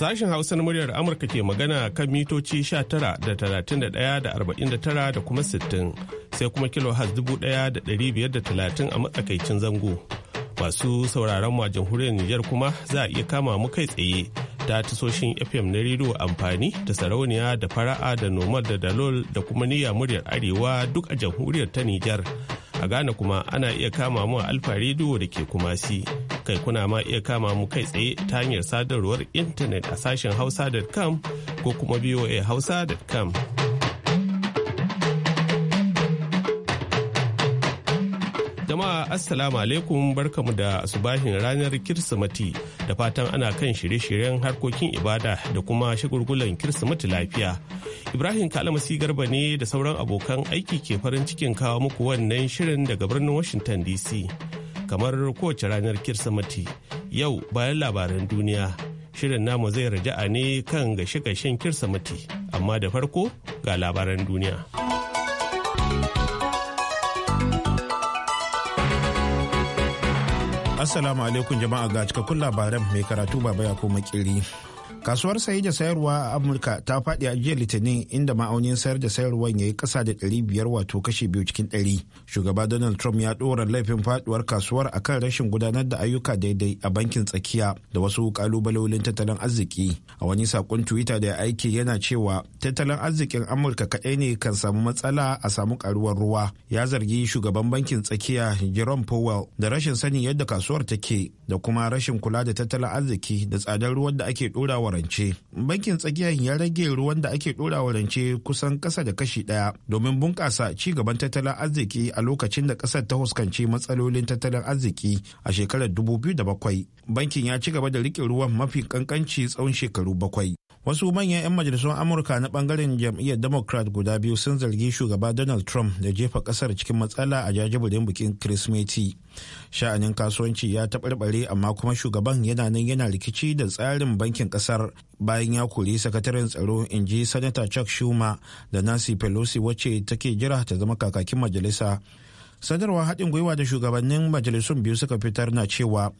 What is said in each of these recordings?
Sashen Hausa na muryar Amurka ke magana kan mitoci 19 da 31 da 49 da kuma 60 sai kuma kilo has 1530 a matsakaicin zango. Masu sauraron mu a jamhuriyar Nijar kuma za a iya kama mu kai tsaye ta tasoshin FM na rediyo amfani da sarauniya da fara'a da nomad da dalol da kuma niyya muryar arewa duk a jamhuriyar ta Nijar. A Ghana kuma ana iya kama mu a alfa rediyo da ke kumasi. kai kuna ma iya kama mu kai tsaye ta hanyar sadarwar intanet a sashen hausa.com ko kuma voa hausa.com. Jama'a Assalamu alaikum barkamu da subahin ranar Kirsimati da fatan ana kan shirye-shiryen harkokin ibada da kuma shagulgulan Kirsimati lafiya. Ibrahim Kalamasi Garba ne da sauran abokan aiki ke farin cikin kawo muku wannan shirin daga birnin Washington DC. kamar kowace ranar kirsimati yau bayan labaran duniya shirin namu zai raja'a ne kan gashe-gashen kirsimati amma da farko ga labaran duniya assalamu alaikum jama'a ga cikakkun labaran mai karatu baba ya koma kiri kasuwar sayi da sayarwa a amurka ta faɗi a jiya litinin inda ma'aunin sayar da sayarwar ya yi ƙasa da ɗari biyar wato kashe biyu cikin ɗari shugaba donald trump ya ɗora laifin faɗuwar kasuwar akan rashin gudanar da ayyuka daidai a bankin tsakiya da wasu ƙalubalolin tattalin arziki a wani saƙon twitter da ya aiki yana cewa tattalin arzikin amurka kaɗai ne kan samu matsala a samu ƙaruwar ruwa ya zargi shugaban bankin tsakiya jerome powell da rashin sanin yadda kasuwar take da kuma rashin kula da tattalin arziki da tsadar ruwan da ake ɗorawa bankin tsakiyar ya rage ruwan da ake dora wa rance kusan kasa da kashi daya domin bunƙasa ci gaban tattalin arziki a lokacin da ƙasar ta huskanci matsalolin tattalin arziki a shekarar 2007 bankin ya ci gaba da rike ruwan mafi kankanci tsawon shekaru bakwai wasu manyan 'yan majalisun amurka na bangaren jam'iyyar democrat guda biyu sun zargi shugaba donald trump da jefa kasar cikin matsala a jajibulin bikin kirsimeti sha'anin kasuwanci ya taɓarɓare amma kuma shugaban yana nan yana rikici da tsarin bankin kasar bayan ya kori sakataren tsaro in ji sanata chuck schumer da nancy pelosi wacce take jira ta zama kakakin majalisa sanarwar haɗin gwiwa da shugabannin majalisun biyu suka fitar na cewa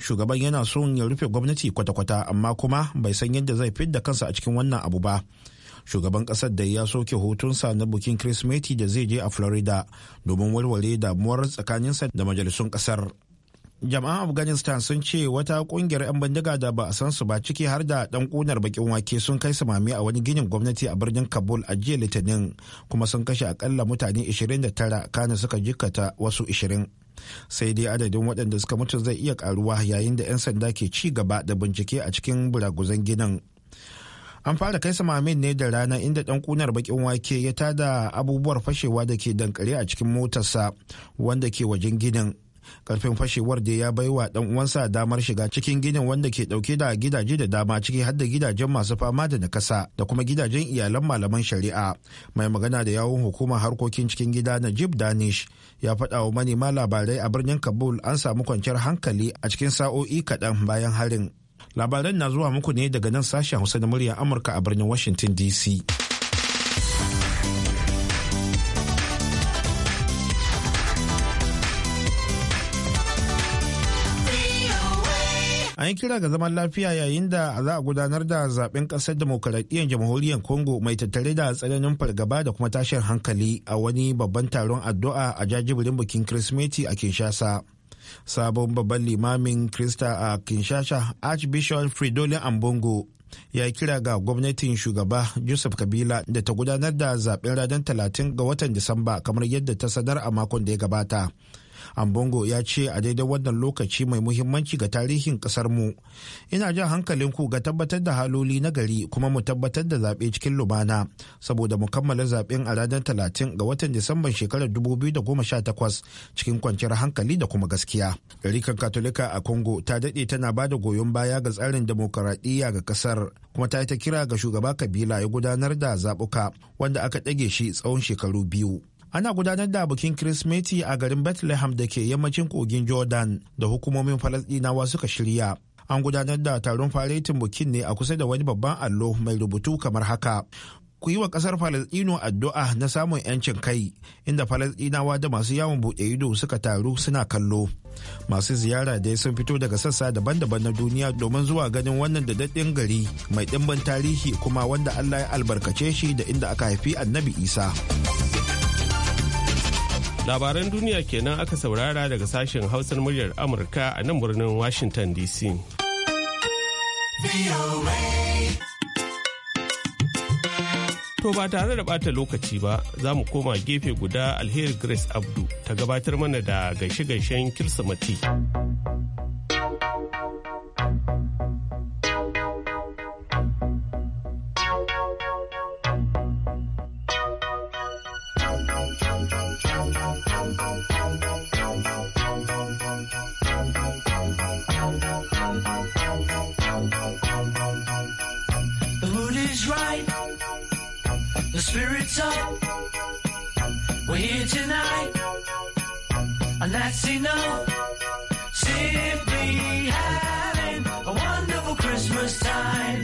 shugaban yana son ya rufe gwamnati kwata-kwata amma kuma bai san yadda zai fidda kansa a cikin wannan abu ba shugaban kasar da ya soke hutunsa na bukin kirismeti da zai je a florida domin walwale damuwar tsakaninsa da majalisun kasar jama'an afghanistan sun ce wata kungiyar 'yan bindiga da ba a san su ba ciki har da dan kunar bakin wake sun kai samami a wani ginin gwamnati a birnin kabul a jiya litinin kuma sun kashe akalla mutane 29 kana suka jikkata wasu 20 sai dai adadin waɗanda suka mutu zai iya karuwa yayin da 'yan sanda ke ci gaba da bincike a cikin buraguzan ginin an fara kai samamin ne da rana inda dan kunar bakin wake ya tada abubuwar fashewa da ke dankare a cikin motarsa wanda ke wajen ginin karfin fashewar da ya bai wa dan uwansa damar shiga cikin ginin wanda ke dauke da gidaje da dama ciki har da gidajen masu fama da nakasa da kuma gidajen iyalan malaman shari'a mai magana da yawun hukumar harkokin cikin gida najib danish ya faɗa wa manema labarai a birnin kabul an samu kwanciyar hankali a cikin sa'o'i kaɗan bayan harin labaran na zuwa muku ne daga nan sashen hausa na murya amurka a birnin washington dc An yi kira ga zaman lafiya yayin da za a gudanar da zaben kasar demokaradiyyar jamhuriyar Congo mai tattare da tsananin fargaba da kuma tashin hankali a wani babban taron addu'a a jajibirin bikin Kirsimeti a Kinshasa. Sabon babban limamin Krista a Kinshasa Archbishop Fridolin Ambongo ya kira ga gwamnatin shugaba Joseph Kabila da ta gudanar da zaben ranar 30 ga watan Disamba kamar yadda ta sanar a makon da ya gabata. ambongo ya ce a daidai wannan lokaci mai muhimmanci ga tarihin mu ina jan hankalin ku ga tabbatar da haloli na gari kuma mu tabbatar da zaɓe cikin lumana saboda mu kammala zaɓen a ranar talatin ga watan disamban shekarar 2018 cikin kwanciyar hankali da kuma gaskiya ɗarikan katolika a congo ta daɗe tana ba da goyon baya ga tsarin demokaradiyya ga ƙasar kuma ta yi ta kira ga shugaba kabila ya gudanar da zaɓuka wanda aka ɗage shi tsawon shekaru biyu ana gudanar da bikin Kirsimeti a garin Bethlehem da ke yammacin kogin Jordan da hukumomin Falasɗinawa suka shirya. An gudanar da taron faretin bikin ne a kusa da wani babban allo mai rubutu kamar haka. Ku yi wa ƙasar Falasɗinu addu'a na samun 'yancin kai, inda Falasɗinawa da masu yawon buɗe ido suka taru suna kallo. Masu ziyara dai sun fito daga sassa daban-daban na duniya domin zuwa ganin wannan da daɗin gari mai ɗimbin tarihi kuma wanda Allah ya albarkace shi da inda aka haifi annabi Isa. labaran duniya kenan aka saurara daga sashen hausar muryar amurka a nan birnin washington dc To ba tare da bata lokaci ba za mu koma gefe guda alheri Grace Abdu ta gabatar mana da gaishe-gaishen Kirsimati. The mood is right, the spirit's up. We're here tonight, and that's enough. Simply having a wonderful Christmas time.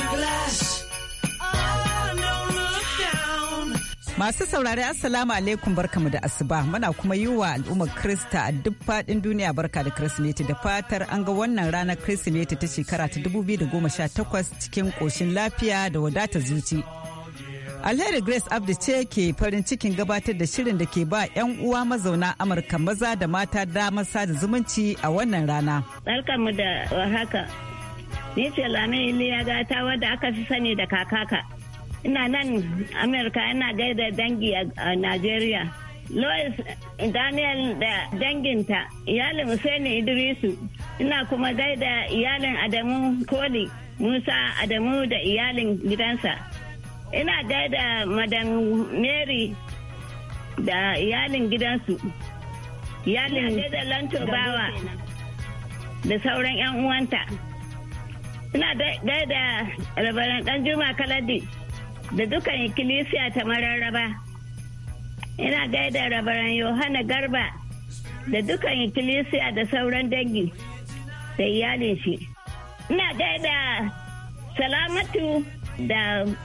Masu saurari Assalamu alaikum barkamu da asuba muna kuma yi wa al'ummar Krista a duk faɗin duniya barka da Kirsimeti da fatar an ga wannan ranar Kirsimeti ta shekara ta 2018 cikin koshin lafiya da wadata zuci. Alheri Grace Abdi ce ke farin cikin gabatar da shirin da ke ba 'yan uwa mazauna Amurka maza da mata damar sada zumunci a wannan rana. Barkanmu da haka. Ni ce Lamai Iliya gata wadda aka fi sani da kakaka. ina nan amerika yana gaida dangi a nigeria lois daniel da danginta iyalin Hussaini idrisu ina kuma gaida iyalin adamu koli musa adamu da iyalin gidansa ina gaida madam mary da iyalin gidansu iyalin gaida lanto da sauran 'yan uwanta ina gaida rabaran dan juma kaladi da dukan ikkilisiya ta mararraba ina gaida rabaran yohana garba da dukan ikkilisiya da sauran dangi da iyalin shi ina gaida salamatu da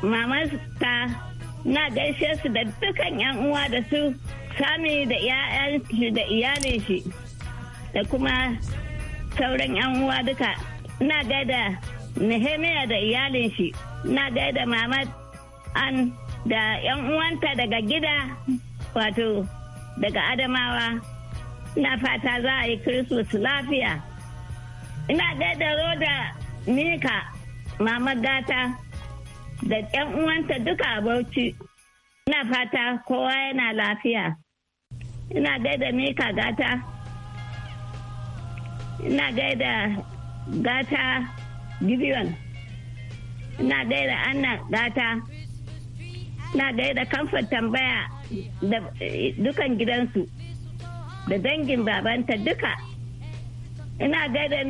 mamasta na gaishe su da dukan yan uwa da su sami da yayan shi da iyalin shi da kuma sauran yan uwa duka na gaida nehemiya da iyalin shi na gaida mamasta an da 'yan uwanta daga gida wato daga adamawa ina fata za a yi Christmas lafiya. Ina da Roda Mika, Mama Gata, da ‘yan uwanta duka a Bauchi. Ina fata kowa yana lafiya. Ina gaida Mika Gata. Ina gaida Gata gibiyon Ina gaida Anna Gata. na ɗaya da kamfan tambaya da eh, dukan gidansu da dangin babanta duka ina gaida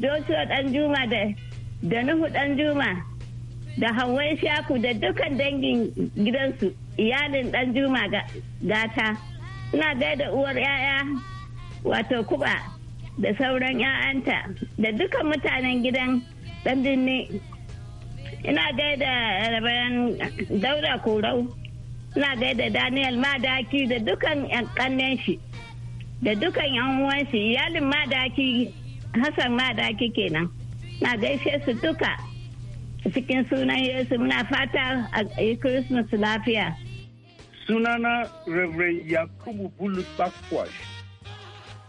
joshua dan juma da da nuhu dan juma da hawan shaku da dukan dangin gidansu iyalin dan juma gata ina gaida uwar yaya wato kuba da sauran 'ya'yanta da dukan mutanen gidan dan birni ina gaida rabaran daura korau ina gaida daniel madaki da dukan yan kannen shi da dukan yan uwan shi iyalin madaki hassan madaki kenan na gaishe su duka cikin sunan yesu muna fata a yi christmas lafiya sunana reverend yakubu bulu backwash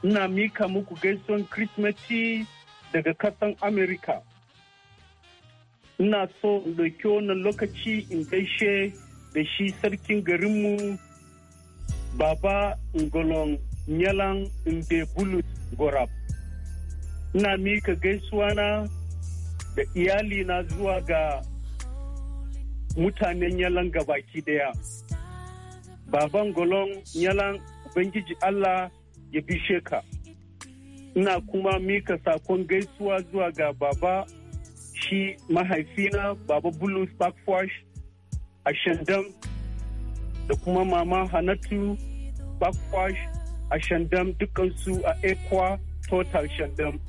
ina mika muku gaison christmas daga kasan america ina so in ɗauki wannan lokaci in gaishe da shi sarkin garinmu baba ngolon nyalan mbe bulus gorab ina mika gaisuwa na da iyali na zuwa ga mutanen yalan gabaki daya baban golon yalan ubangiji allah ya bishe ka ina kuma mika sakon gaisuwa zuwa ga baba shi mahaifina baba bulus backwash a shandam da kuma mama hanatu backwash a shandam dukansu a ekwa total shandam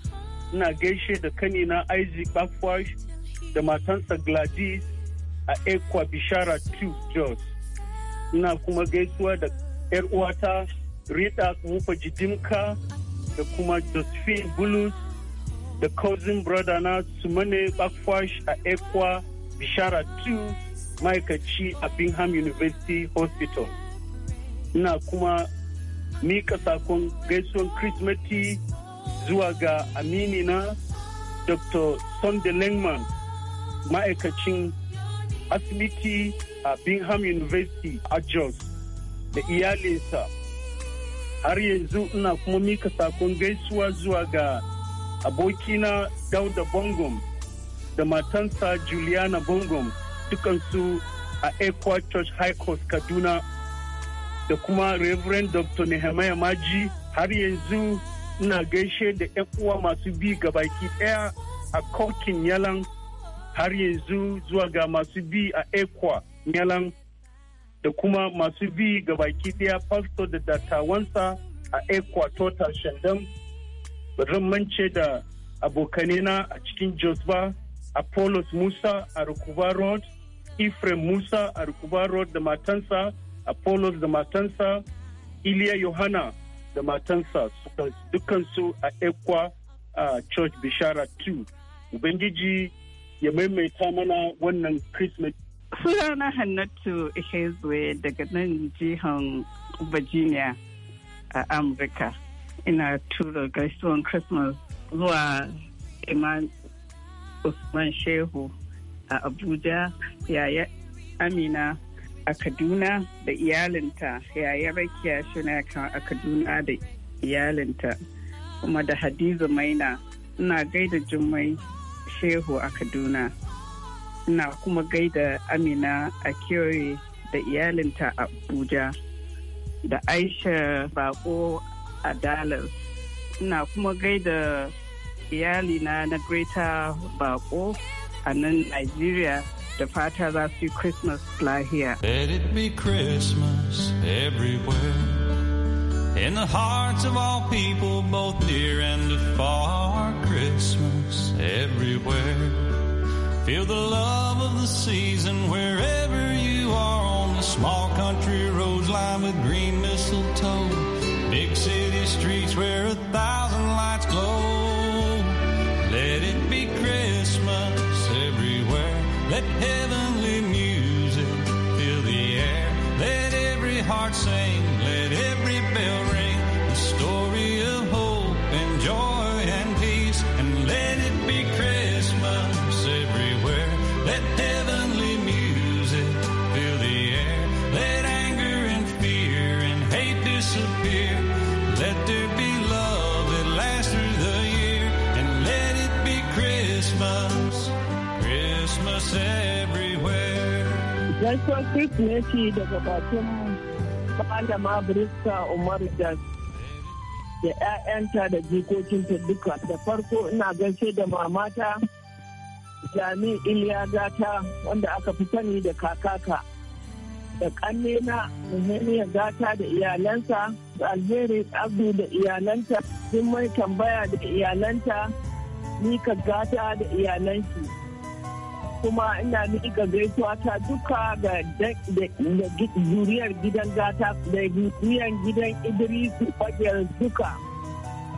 ina gaishe da kanina isaac backwash da matansa gladys a ekwa bishara 2 jos ina kuma gaisuwa da 'yar uwata rita mufa jidimka da kuma josephine bulus The cousin brother na Sumane Bakwash a Ekwa Bishara 2 ma'aikaci a Bingham University Hospital. Ina kuma mika sakon gaisuwan Kirsimeti zuwa ga amini na Dr. Sunday Lengman, ma'aikacin asibiti a Bingham University a Jos da iyalinsa. Har yanzu ina kuma mika sakon gaisuwa zuwa ga abokina dauda bongom da matansa juliana bongom dukansu a equa church high court kaduna da kuma reverend dr nehemiah maji har yanzu ina gaishe da 'yan uwa masu bi gabaki daya a kokin yalan har yanzu zuwa ga masu bi a ekwa yalan da kuma masu bi gabaki ɗaya pastor da dattawansa a ekwa total shandam ba zan mance da abokanina a cikin josba apollos musa a rukuba road Ephraim Musa a Rukuba Road da matansa, Apollos da matansa, Iliya Yohana da matansa dukansu a Ekwa a Church Bishara 2. Ubangiji ya maimaita mana wannan Christmas. Sunana Hannatu Ihezwe daga nan jihan Virginia a Amurka. ina tura gaisuwan christmas zuwa iman usman shehu a abuja yaya amina a kaduna da iyalinta yaya rakiya shuna a kaduna da iyalinta kuma da hadiza maina ina gaida jummai shehu a kaduna ina kuma gaida amina a kewaye da iyalinta a abuja da aisha bako a Ina kuma gaida iyalina na Greater Bako a nan Nigeria da fata za su yi Christmas lahiya. Let it be Christmas everywhere In the hearts of all people both near and far Christmas everywhere Feel the love of the season wherever you are on the small country roads lined with green mistletoe streets where a thousand lights glow. Let it be Christmas everywhere. Let heaven ne Kirsimeti daga bakin malama Brista Umar da 'ya'yanta da jikokinta duka. Da farko ina gaishe da mamata Jami Iliya Gata wanda aka fi sani da kakaka. Da na Muhimmiya Gata da iyalansa, Alheri Abdu da iyalanta, Jummai Tambaya da iyalanta, Mika Gata da iyalanki. kuma ina miƙa gaisuwa ta duka ga zuriyar gidan gata da zuriyar gidan idrisu fagiyar duka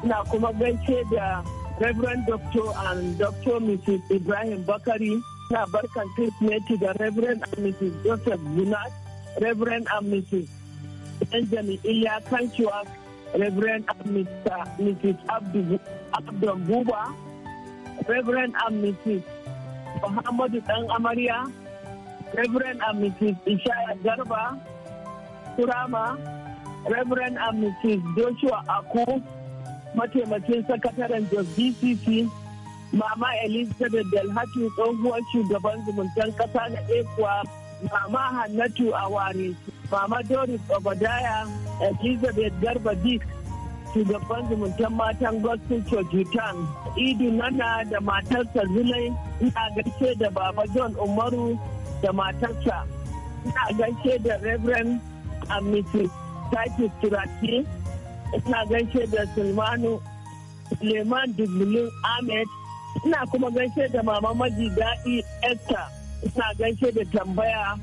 ina kuma gaishe da reverend Dr and Dr mrs ibrahim bakari na barkan kirsimeti da reverend and mrs joseph Zunat, reverend and mrs benjamin iya kanciwa reverend and mrs abdul buba reverend and mrs Muhammadu Dan Amarya, Reverend and Mrs. Ishaya Garba, Kurama, Reverend and Mrs. Joshua Aku, mataimakin sakataren Jos, DCC, Mama Elizabeth Delhatu tsohuwar shugaban zumuntan kasa na Ekuwa, Mama Hannatu Awari, Mama Doris Obadaya, Elizabeth Garba Dick, shugaban zumuntar matan gospel church Hutan, Idi Nana da matarsa Zulai, ina gaishe da Baba John Umaru da matarsa, ina gaishe da Reverend Amiti Taki Turaki, ina gaishe da Sulmanu Leman Dubulin Ahmed, ina kuma gaishe da Mama Maji Daɗi Esther, ina gaishe da tambaya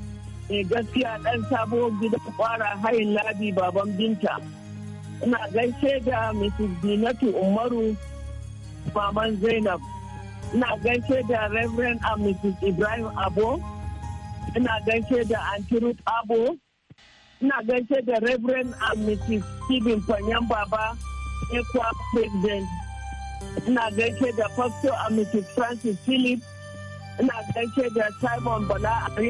mai gaskiya ɗan sabuwar gidan kwara hayin labi baban binta. ina gaishe da Mrs. Binatu Umaru Maman Zainab. Ina gaishe da Reverend and Mrs. Ibrahim Abo. Ina gaishe da Auntie Ruth Abo. Ina gaishe da Reverend and Mrs. Stephen Panyan Baba, Ekwa President. Ina gaishe da Pastor and Mrs. Francis Philip. Ina gaishe da Simon Bala Ari.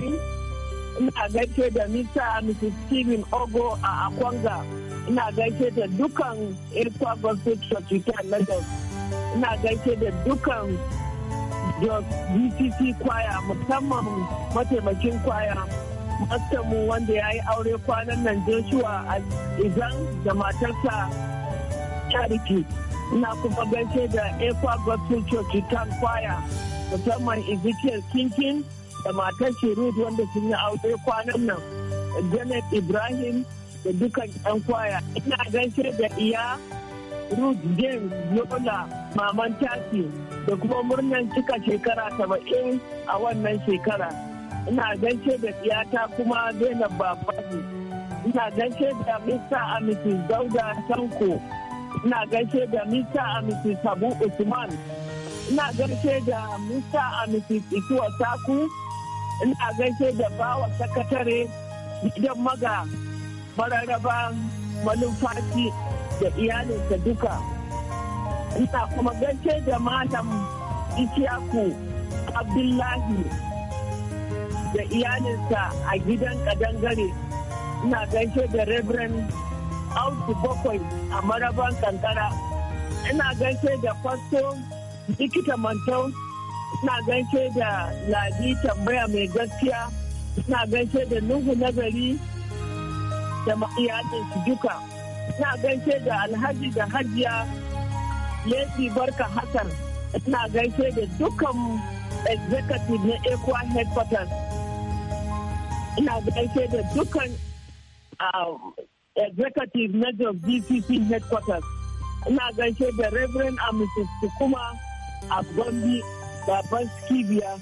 Ina gaishe da Mr. and Mrs. Stephen Ogo a Akwanga. ina gaishe da dukan Irkwa Gospel cuta na Lagos ina gaishe da dukan Jos kwaya musamman mataimakin kwaya mu wanda ya yi aure kwanan nan Joshua a Izan da matarsa Charity ina kuma gaishe da Ekwa Gospel Church kan kwaya musamman Ezekiel Kinkin da matar Shirut wanda sun yi aure kwanan nan Janet Ibrahim da dukan yan kwaya ina gaishe da iya Ruth James lola Maman Tasi da kuma murnan cika shekara saba'in a wannan shekara. Ina gaishe da tsiyata kuma Zainab Babaji. Ina gaishe da Mr. a Dauda Sanko. Ina gaishe da Mr. a Sabu Usman. Ina gaishe da Mr. a Mrs. Saku. Ina gaishe da Bawa Sakatare Gidan Maga mararraba manumfaci da iyalinsa duka ina kuma gaishe da malam Ishaku abdullahi da iyalinsa a gidan kadangare ina gaishe da reverend audu bakwai a maraban kankara ina gaishe da fasto likita mantau ina gaishe da ladi tambaya mai gaskiya ina gaishe da nuhu nagari da iyalin su duka ina gaishe da alhaji da hajiya lesi barka hassan ina gaishe da dukkan executive na equa headquarters ina gaishe da dukkan um, executive na jos dcc headquarters ina gaishe da reverend amisis kuma a gombe Babban skibiya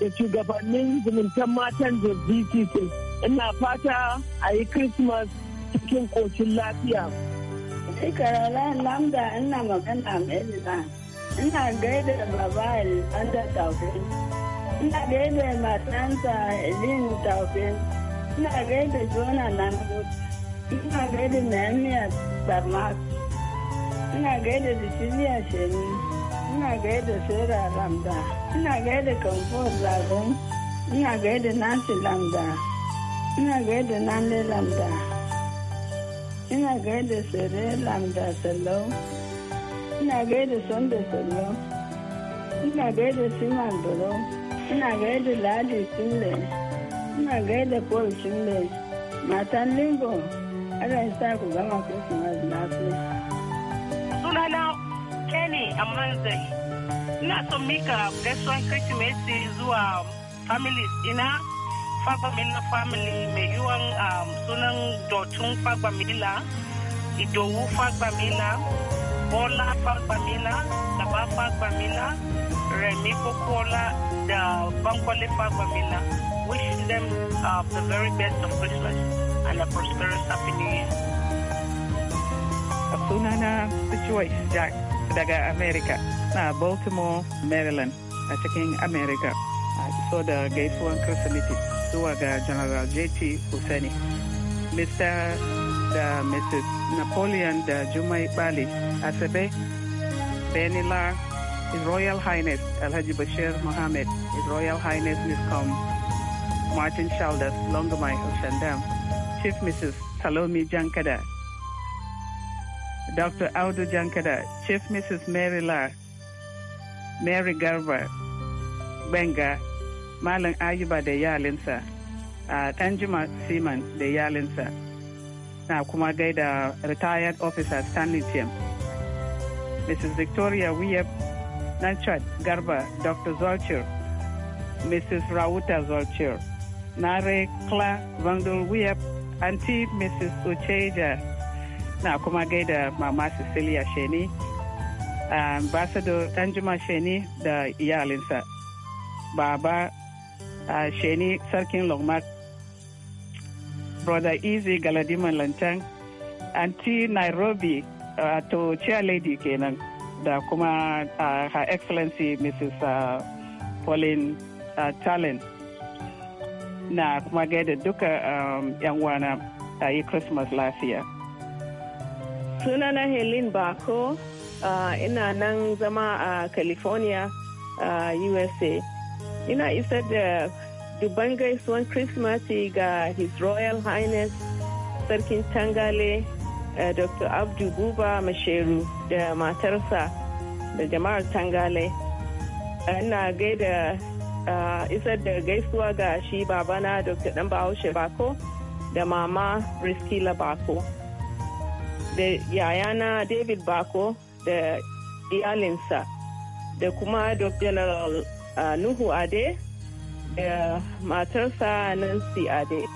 da shugabannin zumuntan matan jos dcc ina fata a yi christmas cikin ƙoshin lafiya shekara lambda ina magana melina ina gaida baba alexander taufin ina gaida matansa elin taufin ina gaida jona lambot ina gaida naomiya damas ina gaida cecilia shemi ina gaida sarah lambda ina gaida kamfor ina gaida nancy lambda ina gaida na ne lambda ina gaida sere lambda sallau ina gaida sonde sallau ina gaida siman duro ina gaida ladi sule ina gaida paul sule matan lingo ana sa ku gama christmas lafiya sunana kenny amanzai ina son mika gaisuwan kirsimeti zuwa families ina Fagbamila family mai yiwuwan um, sunan Dotun Fagbamila, Idowu Fagbamila, Bola Fagbamila, Gaba Fagbamila, Remi Kokola da Bankwale Fagbamila. Wishing them uh, the very best of Christmas and a prosperous Happy New Year. Sunana Situation Jack daga America na Baltimore, Maryland a cikin America. So da gaisuwan Kirsimeti. General JT Hussaini. Mr. Mrs. Napoleon da Jumai Bali Asabe, Benila, His Royal Highness Al Bashir Mohammed, His Royal Highness Com, Martin Shaldas Longamai Oshandam, Shandam, Chief Mrs. Salomi Jankada, Dr. Audu Jankada, Chief Mrs. Mary La, Mary Garber, Benga, malam ayuba da yalinsa a danjima seaman da yalinsa na kuma gaida retired officer stanley tim mrs victoria wiyab nanchad garba dr zolchir mrs rauta zolchir nare kla vandal wiyab anti mrs ucheja na kuma gaida mama cecilia sheni ambassador danjuma sheni da iyalinsa baba A sheni sarkin longmark brother easy galadiman lantan anti nairobi uh, to uh, chair lady kenan da kuma uh, her excellency mrs uh, pauline talent na kuma gaida duka um, yan wana a yi christmas lafiya sunana helen bako ina nan zama a california usa ina isa da dubban gaisuwan krismati ga his royal highness sarkin tangale eh, dr abdu buba masheru da matarsa da jama'ar tangale ina gaida uh, isar da gaisuwa ga shi babana dr dan bahaushe bako da mama briskila bako da yayana david bako da iyalinsa da kuma dr general Nuhu Ade da matarsa Nancy Ade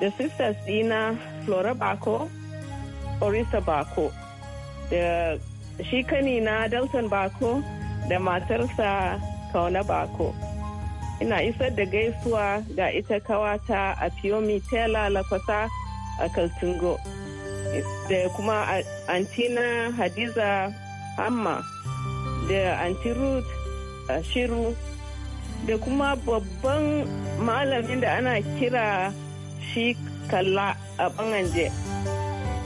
da sisters dina Flora Bako, Orisa Bako da shi kanina Dalton Bako da matarsa Kauna Bako. Ina isar da gaisuwa ga ita kawata a Fiomi Tela Lakwasa a Kaltungo da kuma antina Hadiza Hamma da anti Ruth shiru da kuma babban malamin da ana kira shi kalla a banganje.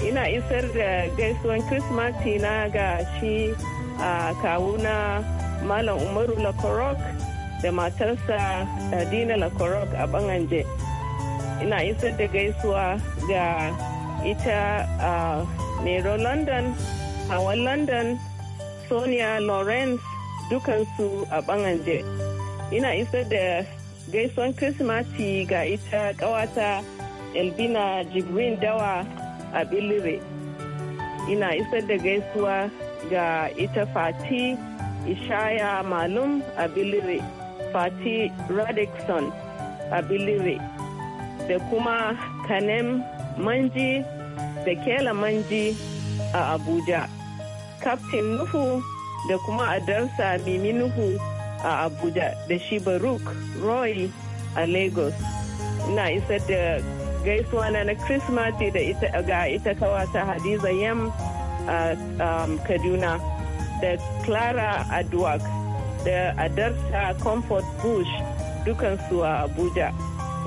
Ina isar da gaisuwan Kirsimati na ga shi a kawuna Malam Umaru Lakorok da matarsa Dina Lakorok a banganje. Ina isar da gaisuwa ga ita a Mero London, Hawan London, Sonia Lawrence dukansu a banganje ina isar da gaison kirsimati ga ita kawata elbina jibrin dawa a bilire ina isar da gaisuwa ga ita fati ishaya malum a bilire fati radikson a bilire da kuma kanem manji da kela manji a abuja kaftin nufu da kuma a darsa miminuhu a abuja da shi baruk roy a lagos ina isa da gaisuwa na na krismati da ga ita kawa ta hadiza yam a um, kaduna da clara adwak da adarsa comfort bush dukansu a abuja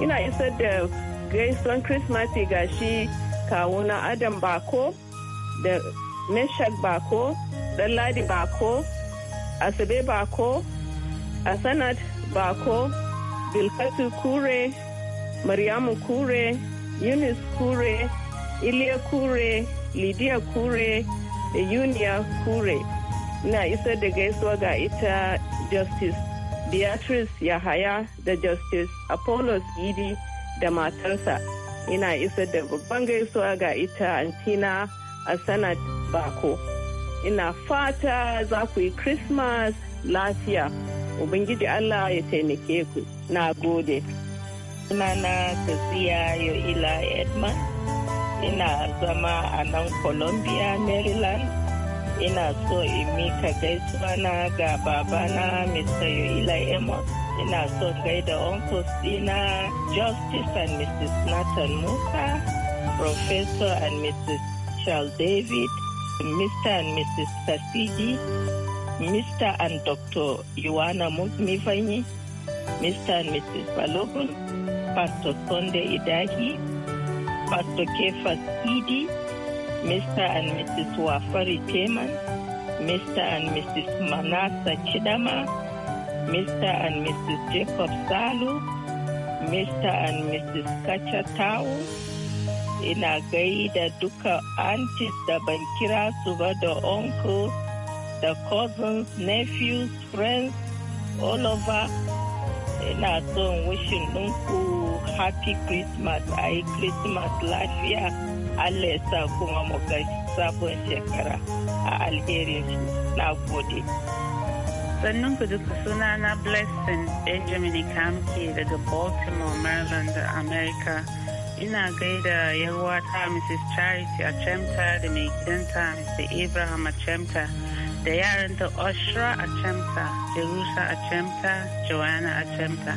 ina isa da gaisuwan krismati ga shi kawuna adam bako da meshak bako Ɗanladi Bako, Asabe Bako, Asanat Bako, Bilkatu Kure, Maryamu Kure, Yunus Kure, Iliya Kure, Lidiya Kure, da Yuniya Kure. Ina isa da gaisuwa ga ita Justice Beatrice Yahaya da Justice Apollos idi da matarsa. Ina isa da babban gaisuwa ga ita Antina sanat Bako. ina fata za ku yi christmas lafiya ubangiji allah ya taimake ku na gode sunana tafiya yoila edmund ina zama a nan Colombia, maryland ina so in mika gaisuwa na ga babana mr yoila edmund ina so gaida uncles dina justice and mrs nathan Muka. professor and mrs charles david Mr. and Mrs. Kasigi, Mr. and Dr. Ioana Mifanyi, Mr. and Mrs. Balogun, Pastor Sunday Idahi, Pastor Kefas Idi, Mr. and Mrs. Wafari Teman, Mr. and Mrs. Manasa Chidama, Mr. and Mrs. Jacob Salu, Mr. and Mrs. Kacha Tao, ina gai da duka aunties da ban kira su ba da uncle da cousins nephews friends all over ina son wishin ɗinku happy christmas a yi christmas lafiya allah ya sa kuma mu sabon shekara a alherin shi na gode sannan ku duka suna na blessing benjamin kamke daga baltimore maryland america ina gaida yarwata mrs charity a chemta da mai gidanta mr abraham a chemta. da yaranta oshra a chemta jerusa a chemta joanna a chemta.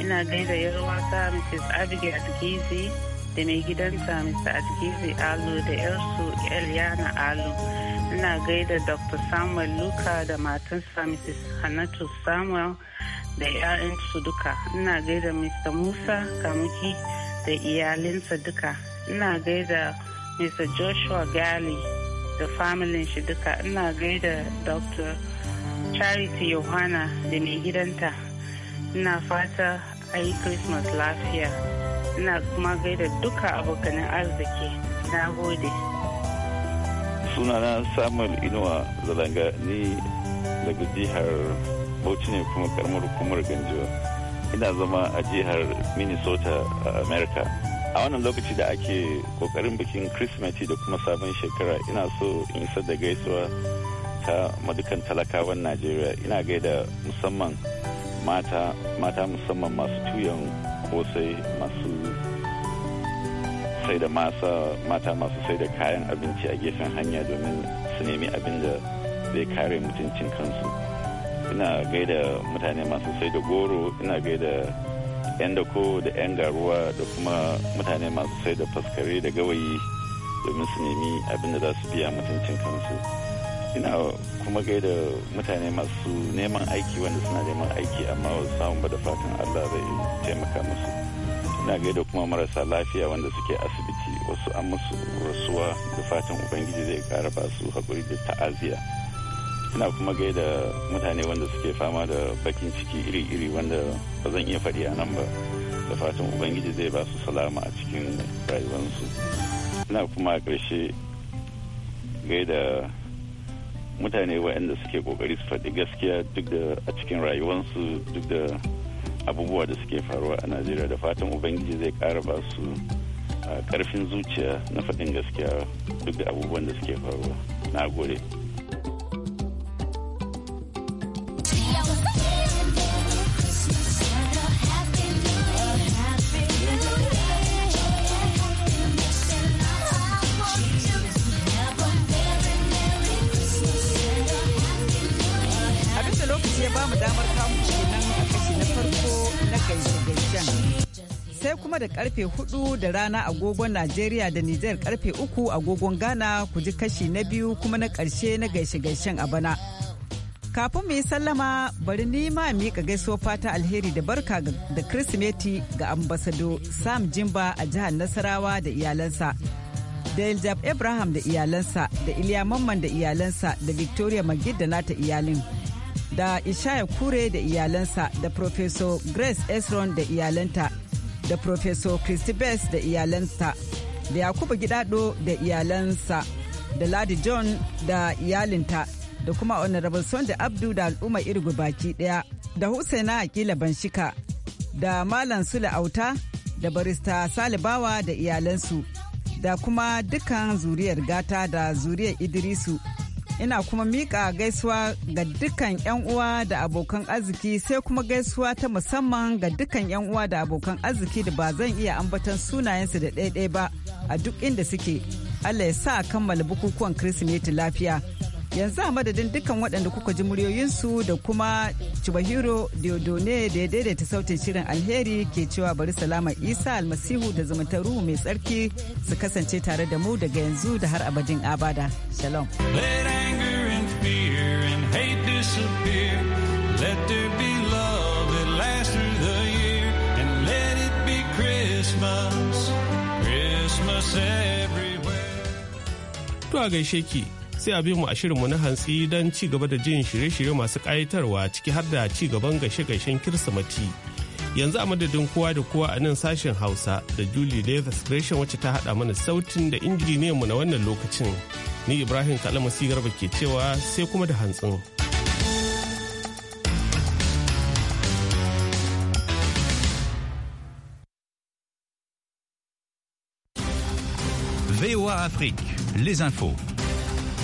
ina gaida yarwata mrs abigail adgizi da mai gidanta mr adgizi alu da yarsu eliana alu ina gaida dr samuel luka da matansa mrs hannatu samuel da 'ya'yansu duka ina gaida mr musa kamuki da iyalinsa duka ina gaida mr joshua gali da familin shi duka ina gaida dr charity yohana da mai gidanta ina fata a yi christmas lafiya ina kuma gaida duka abokanin arziki na gode sunana samuel inuwa zalanga ni daga jihar bauchi ne kuma karamar hukumar ganjiwa ina zama a jihar minnesota a america a wannan lokaci da ake kokarin bikin christmas da kuma sabon shekara ina so in isa da gaisuwa ta madukan talakawan najeriya ina gaida musamman mata mata musamman masu tuyan kosai masu sai da masa mata masu sai da kayan abinci a gefen hanya domin su nemi abin da zai kare mutuncin kansu ina gaida mutane masu sai da goro ina gaida 'yan dako da 'yan garuwa da kuma mutane masu sai da faskare da gawayi domin su nemi abin da za su biya mutuncin kansu ina kuma gaida mutane masu neman aiki wanda suna neman aiki amma wasu samun ba da fatan allah zai taimaka musu ina gaida kuma marasa lafiya wanda suke asibiti wasu an musu rasuwa da fatan ubangiji zai kara ba su haƙuri da ta'aziya ina kuma gaida mutane wanda suke fama da bakin ciki iri-iri wanda ba zan iya faɗi a nan ba da fatan ubangiji zai ba su salama a cikin rayuwarsu ina kuma a ƙarshe gaida mutane waɗanda suke ƙoƙari su faɗi gaskiya duk da a cikin rayuwarsu duk da abubuwa da suke faruwa a najeriya da fatan ubangiji zai ƙara ba su karfin ah, zuciya na faɗin gaskiya duk da abubuwan da suke faruwa na gode. kuma da karfe 4 da rana agogon Najeriya da Nijar karfe 3 agogon Ghana ku ji kashi na biyu kuma na karshe na gaishe-gaishen a bana. Kafin mu yi sallama bari ni ma miƙa gaisuwa fata alheri da barka da Kirsimeti ga ambasado Sam Jimba a jihar Nasarawa da iyalansa. da Eljab Abraham da iyalansa da Iliya Mamman da iyalansa da Victoria Magid da nata iyalin. Da Ishaya Kure da iyalansa da Professor Grace Esron da iyalanta da Profeso Christy da iyalansa, da Yakubu Gidado da iyalansa, da Ladi John da iyalinta, da kuma Honorable Sonja Abdu da al'umma irgu baki ɗaya, da Husaina Akila Banshika, da Malam Sule Auta, da Barista Salibawa da iyalansu, da kuma dukkan zuriyar gata da zuriyar Idrisu. ina kuma mika gaisuwa ga dukkan 'yan uwa da abokan arziki sai kuma gaisuwa ta musamman ga dukkan 'yan uwa da abokan arziki da ba zan iya ambatan sunayensu da ɗaiɗai ba a duk inda suke allah ya sa kammala bukukuwan kirsimeti lafiya yanzu a madadin dukkan waɗanda kuka ji muryoyinsu da kuma Chubahiro Diodone da ya daidaita sautin shirin alheri ke cewa bari salama Isa almasihu da zumuntar ruhu mai tsarki su kasance tare da mu daga yanzu da har abadin abada. Shalom. disappear. Let there be a gaishe ki sai a bi mu a shirinmu na hantsi don ci gaba da jin shirye-shirye masu ƙayatarwa ciki har da ci gaban gashe-gashen kirsimati. yanzu a madadin kowa da kowa a nan sashen hausa da julie davis gresham wacce ta haɗa mana sautin da injiniyan mu na wannan lokacin ni ibrahim kalamasi garba ke cewa sai kuma da hantsin. Afrique, les infos.